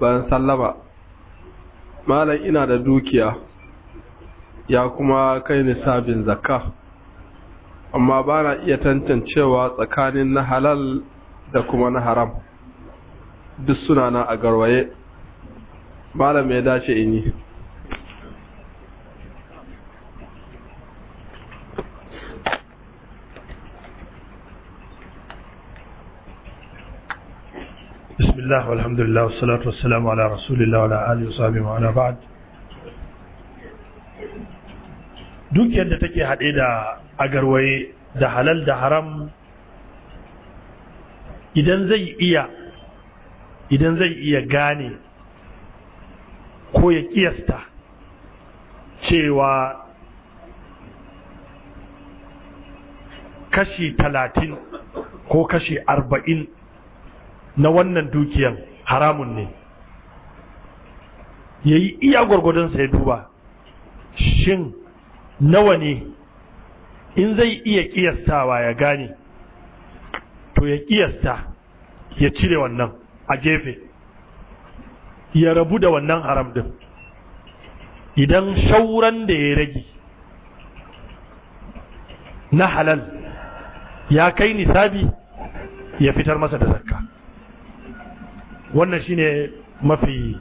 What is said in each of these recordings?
Ban sallama malam ina da dukiya ya kuma kai nisabin zakka amma ba na iya tantancewa tsakanin na halal da kuma na haram duk suna na a garwaye malam ya dace in yi بسم الله والحمد لله والصلاة والسلام على رسول الله وعلى آله وصحبه وعلى بعد dukiyar da take haɗe da agarwaye da halal da haram idan zai iya gane ko ya kiyasta cewa kashi talatin ko kashi arba'in na wannan dukiyan haramun ne ya yi iya gwargwadon ya duba shin nawa ne in zai iya kiyastawa ya gane to ya kiyasta ya cire wannan a gefe ya rabu da wannan haram din idan shauran da ya rage na halal ya kai nisabi ya fitar masa da zakka wannan shine mafi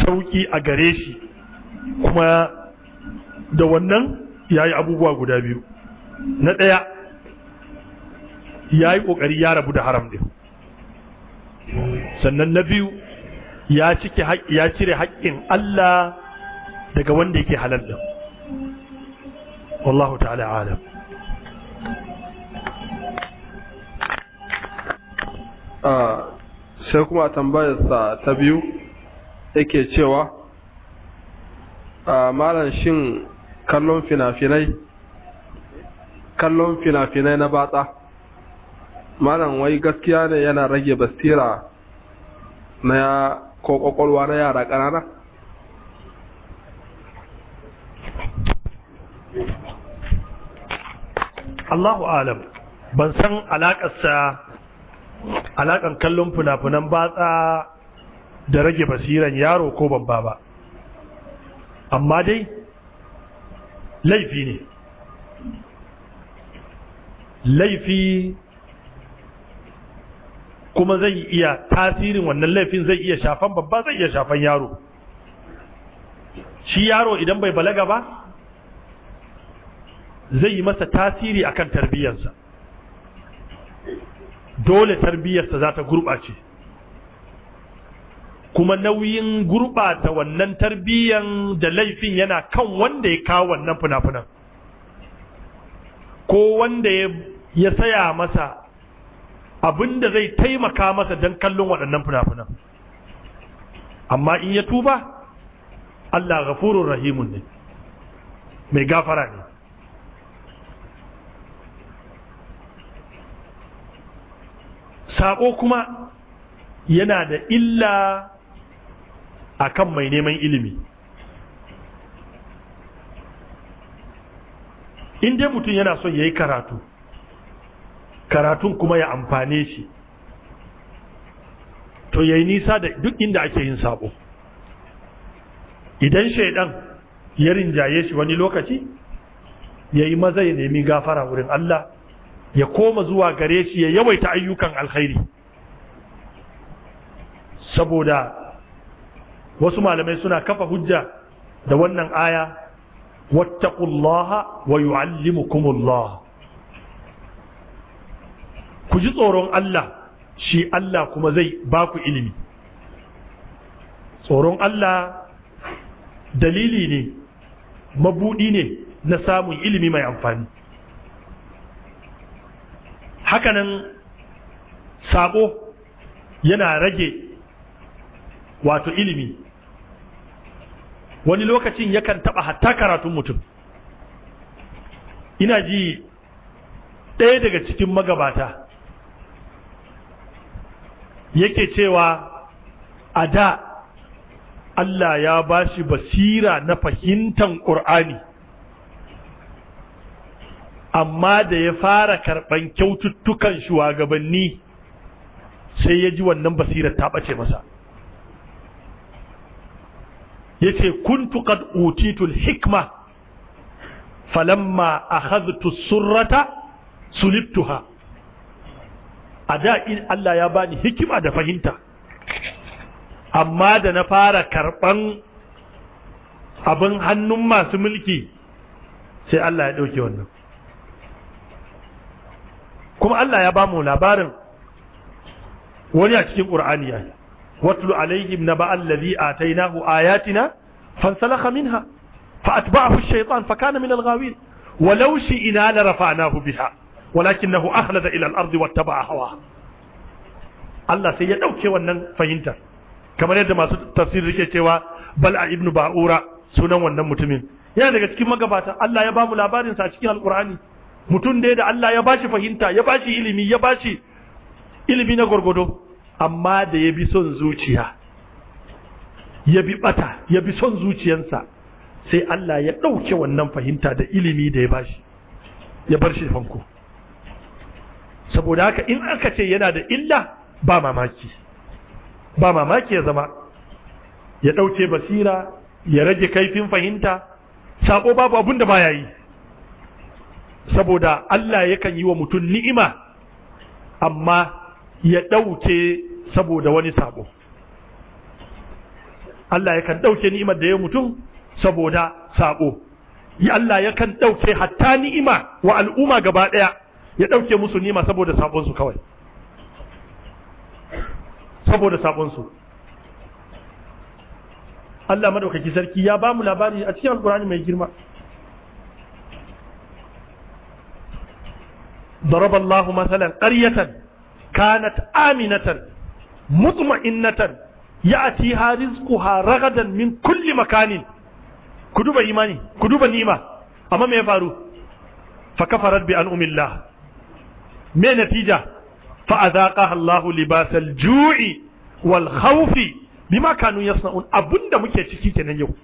sauki a gare shi kuma da wannan ya yi abubuwa guda biyu na ɗaya ya yi ƙoƙari ya rabu da haram ɗin sannan na biyu ya cire haƙƙin Allah daga wanda yake halal ɗin wallahu ta'ala alam Uh, sai kuma tambayarsa ta biyu yake cewa a malam shin kallon finafinai kallon finafinai na batsa malam wai gaskiya ne yana rage bastira na ko kwakwalwa na yara ƙanana Allahu alam ban san alaƙarsa alakan kallon funafunan batsa da rage basiran yaro ko babba ba amma dai laifi ne laifi kuma zai iya tasirin wannan laifin zai iya shafan babba zai iya shafan yaro shi yaro idan bai balaga ba zai yi masa tasiri akan tarbiyyarsa dole tarbiyyarsa za ta gurɓace kuma nauyin gurɓata wannan tarbiyyan da laifin yana kan wanda ya kawo wannan fina ko wanda ya saya masa abin da zai taimaka masa don kallon waɗannan fina amma in ya tuba Allah gafurun rahimun ne mai gafara ne Saƙo kuma yana da illa akan mai neman ilimi in dai mutum yana son ya yi karatu karatun kuma ya amfane shi to ya yi nisa da duk inda ake yin saƙo? idan shaidan ya rinjaye shi wani lokaci ya yi maza ya nemi gafara wurin Allah ya koma zuwa gare shi ya yawaita ayyukan alkhairi saboda wasu malamai suna kafa hujja da wannan aya wattaqullaha wa yu'allimukumullah ku ji tsoron Allah shi Allah kuma zai baku ilimi tsoron Allah dalili ne mabudi ne na samun ilimi mai amfani hakanan saƙo yana rage wato ilimi wani lokacin yakan taɓa hatta karatun mutum ina ji ɗaya daga cikin magabata yake cewa a da Allah ya ba shi basira na fahimtar ƙur'ani amma da ya fara karɓan kyaututtukan shugabanni sai ya ji wannan basirar ta ɓace masa ya ce kuntu qad utitul hikma falamma akhadhtu surrata sulibtuha a da in Allah ya bani hikima da fahimta amma da na fara karɓan abin hannun masu mulki sai Allah ya ɗauke wannan kuma Allah ya ba mu labarin wani a cikin Qur'ani ya watlu alaihim naba allazi atainahu ayatina fansalakha minha fa a ash shaitan fa kana min al ina na rafa la rafa'nahu biha da ilal arzi al ba a hawa Allah sai ya ɗauke wannan fahimtar kamar yadda masu tafsiri suke cewa a ibnu ba'ura sunan wannan mutumin yana daga cikin magabata Allah ya ba mu labarin sa a cikin al-Qur'ani mutum ne da Allah ya bashi fahimta ya bashi ilimi ya bashi ilimi na gwargwado amma da ya bi son zuciya ya bi bata ya bi son zuciyansa sai Allah ya ɗauke wannan fahimta da ilimi da ya bashi ya bar shi fanko saboda haka in aka ce yana da illa ba mamaki ba mamaki ya zama ya ɗauke basira ya rage kaifin fahimta sabo babu abun da baya yi saboda Allah yakan yi wa mutum ni'ima amma ya ɗauke saboda wani sabo Allah yakan ɗauke ni'imar da ya mutum saboda sabo Allah yakan ɗauke hatta ni'ima wa al'umma gaba ɗaya ya ɗauke musu ni'ima saboda sabonsu kawai saboda sabonsu Allah madaukaki sarki ya ba mu labari a cikin alkurani mai girma ضرب الله مثلا قرية كانت آمنة مطمئنة يأتيها رزقها رغدا من كل مكان كدوب إيماني كدوب نيمة أما ما يفعلوا فكفرت بأنعم الله ما نتيجة فأذاقها الله لباس الجوع والخوف بما كانوا يصنعون أبن دمك يتشكي كنا يوم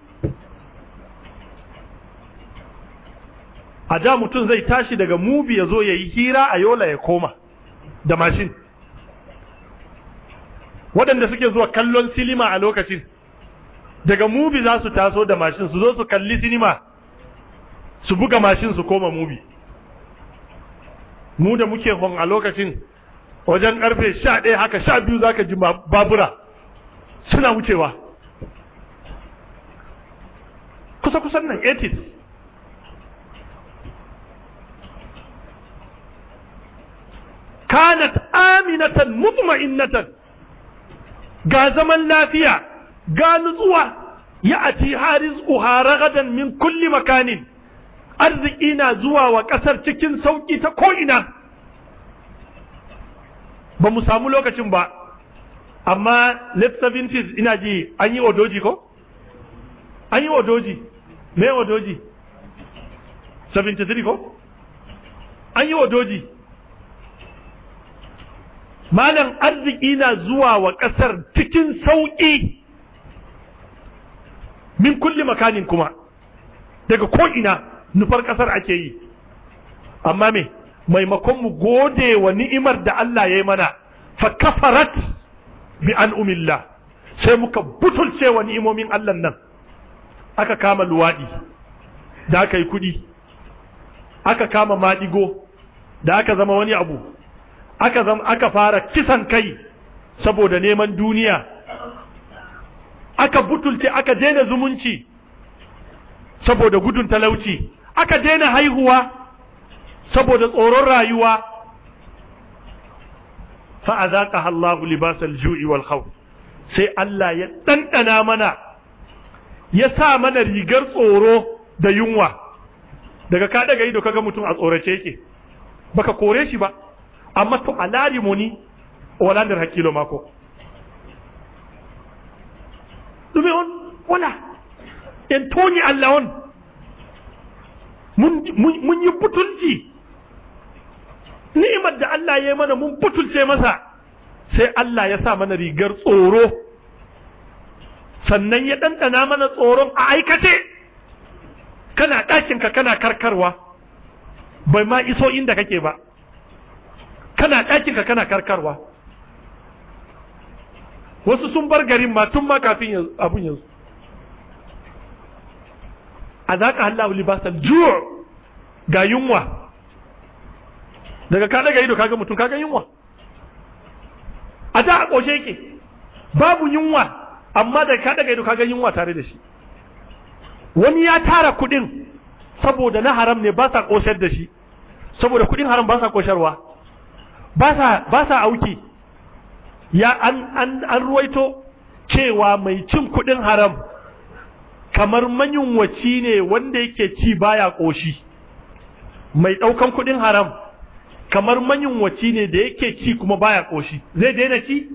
a da mutum zai tashi daga mubi ya zo ya yi hira a yola ya koma da mashin waɗanda suke zuwa kallon silima a lokacin daga mubi za su taso da mashin su zo su kalli sinima su buga mashin su koma mubi mu da muke hon a lokacin wajen karfe sha ɗaya haka sha biyu za ka ji babura suna wucewa kusa-kusan nan 80 kanat aminatan mutma'innatan ga zaman lafiya ga nutsuwa ya ati haris uharagadan min kulli makanin arziki na zuwa wa ƙasar cikin sauƙi ta ko'ina ba mu samu lokacin ba amma late 70s ina ji an yi odoji ko? an yi odoji me odoji 73 ko? an yi odoji malam arziki na zuwa wa ƙasar cikin sauƙi min kulli makanin kuma daga ko'ina nufar ƙasar ake yi amma me maimakon mu gode wa ni'imar da Allah ya yi mana fa kafarat bi an umilla, sai muka butulce wa ni'imomin Allah nan aka kama luwaɗi da aka yi kuɗi aka kama maɗigo da aka zama wani abu aka zama aka fara kisan kai saboda neman duniya aka butulce aka daina zumunci saboda gudun talauci aka daina haihuwa saboda tsoron rayuwa fa azaqaha Allahu libasal ju'i wal khawf sai Allah ya dandana mana ya sa mana rigar tsoro da yunwa daga ka daga ido kaga mutum a tsorace yake baka kore shi ba amma to a laari moni wala nder hakkilo mako. ɗume on wala en tooñi allah on mun yi butulci ni'imar da Allah ya mana mun butulce masa sai Allah ya sa mana rigar tsoro sannan ya ɗanɗana mana tsoron a aikace kana ɗakinka kana karkarwa bai ma iso inda kake ba kana ɗakinka kana karkarwa wasu sun bar garin ma tun ma kafin abun yanzu a za ka halla libasan juwa ga yunwa daga ka daga ido kaga mutum kaga yunwa a da a ƙoshe yake babu yunwa amma daga ka daga ido kaga yunwa tare da shi wani ya tara kuɗin saboda na haram ne ba sa ƙosar da shi saboda kuɗin haram ba sa ƙosharwa ba sa auki ya an ruwaito cewa mai cin kudin haram kamar manyunwaci ne wanda yake ci baya koshi mai daukan kudin haram kamar manyunwaci ne da yake ci kuma baya koshi zai daina ci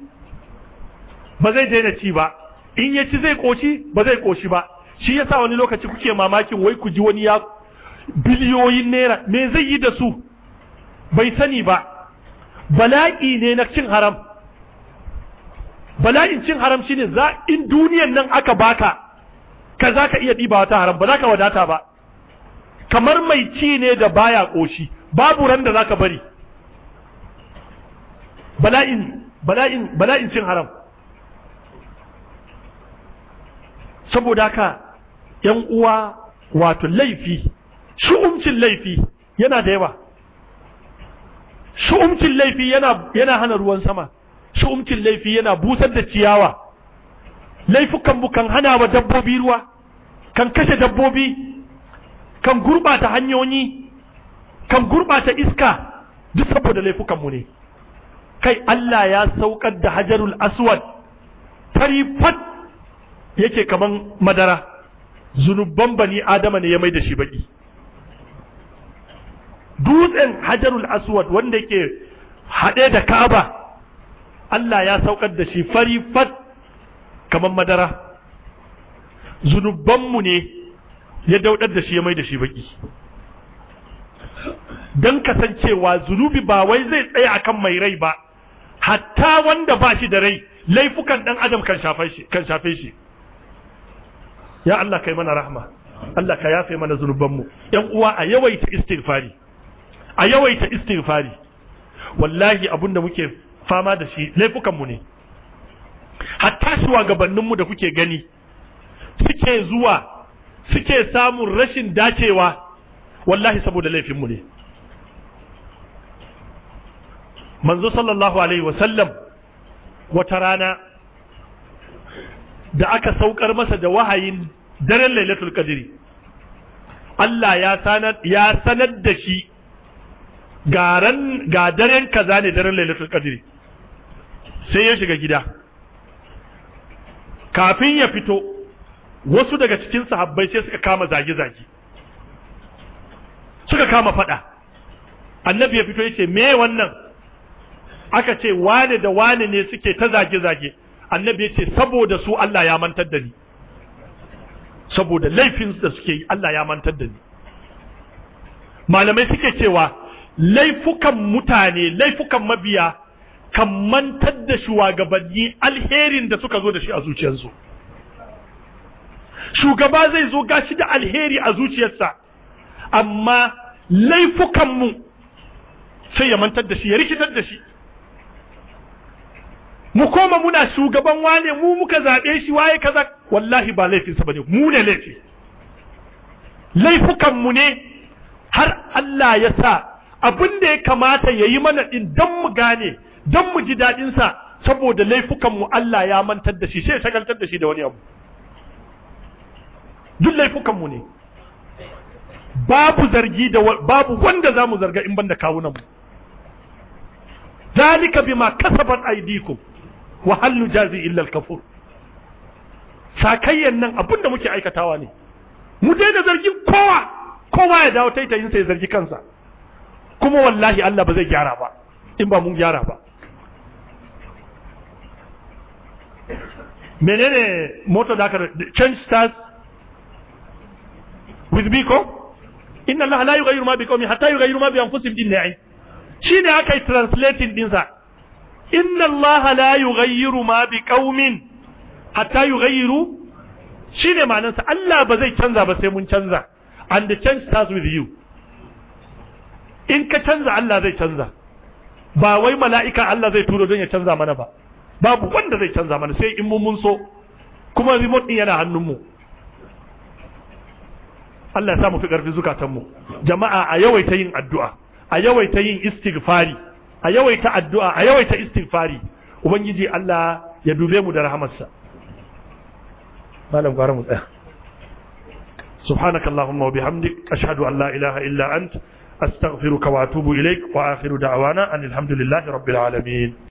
ba zai daina ci ba in ya ci zai koshi ba zai koshi ba shi yasa wani lokaci kuke mamakin wai ku ji wani ya biliyoyin naira me zai yi da su bai sani ba bala'i ne na cin haram bala'in cin haram shine za in duniyan nan aka baka ka za ka iya ɗiba wata haram ba za ka wadata ba kamar mai ci ne da baya ƙoshi babu ran da za ka bari bala'in bala'in bala'in cin haram saboda ka yan uwa wato laifi umcin laifi yana da yawa shu'umcin laifi yana yana hana ruwan sama shu'umcin laifi yana busar da ciyawa laifukan mu kan hana wa dabbobi ruwa kan kashe dabbobi kan gurbata hanyoyi kan gurbata iska duk saboda laifukan mu ne kai Allah ya saukar da hajarul aswad fari fat yake kaman madara zunuban bani adama ne ya mai da shi baki dutsen hajarul aswad wanda ke haɗe da kaba Allah ya saukar da shi fari fat kamar madara zunubanmu ne ya daudar da shi ya mai da shi baki don kasancewa zunubi ba wai zai tsaya akan mai rai ba hatta wanda ba shi da rai laifukan dan adam kan shafe shi ya Allah kai mana rahma Allah ka yafe mana zunubanmu ‘yan uwa a yawaita istighfari a yawaita istighfari wallahi abun da muke fama da shi laifukan mu ne hatta shugabanninmu da kuke gani suke zuwa suke samun rashin dacewa wallahi saboda laifinmu ne manzo sallallahu alaihi wasallam wata rana da aka saukar masa da wahayin daren lailatul qadri Allah ya sanar ya sanar da shi garan ga daren kaza ne daren lailatul qadri sai ya shiga gida kafin ya fito wasu daga cikin sahabbai sai suka kama zage-zage suka kama fada annabi ya fito yace me wannan aka ce wane da wane ne suke ta zage-zage annabi yace saboda su Allah ya mantar da ni saboda laifin da suke yi Allah ya mantar da ni malamai suke cewa laifukan mutane laifukan mabiya kan mantar da shugabanni alherin da suka zo da shi a zuciyarsu shugaba zai zo gashi da alheri a zuciyarsa amma laifukanmu sai ya mantar da shi ya rikitar da shi mu koma muna shugaban wane mu muka zaɓe shi waye kaza wallahi ba laifinsa ba ne mu ne laifi laifukanmu ne har Allah ya sa abin da ya kamata ya yi mana ɗin don mu gane don mu ji daɗinsa saboda laifukanmu Allah ya mantar da shi sai ya shagaltar da shi da wani abu duk laifukanmu ne babu zargi da babu wanda za mu zarga in banda kawunanmu bi bima kasabat aydikum wa hal jazi illa al-kafur sakayyan nan abinda muke aikatawa ne mu daina zargin kowa kowa ya dawo taitayin sai zargi kansa kuma wallahi Allah ba zai gyara ba in ba mun gyara ba menene moto da aka change stars with me ko. inna Allah la yughayyiru ma biqawmin hatta yughayyiru ma bi anfusihim din ne shi ne aka yi translating din sa inna Allah la yughayyiru ma biqawmin hatta yughayyiru shine ma'anarsa Allah ba zai canza ba sai mun canza and the change starts with you in ka canza Allah zai canza ba wai mala'ika Allah zai turo don ya canza mana ba babu wanda zai canza mana sai in mun so kuma remote din yana hannunmu Allah ya sa mu fi ƙarfi zukatanmu jama'a a yawaita yin addu'a a yawaita yin istighfari a yawaita addu'a a yawaita istighfari ubangiji Allah ya dube mu da rahamarsa malam gwara mu tsaya subhanakallahumma wa bihamdik ashhadu an la ilaha illa anta أستغفرك وأتوب إليك وآخر دعوانا أن الحمد لله رب العالمين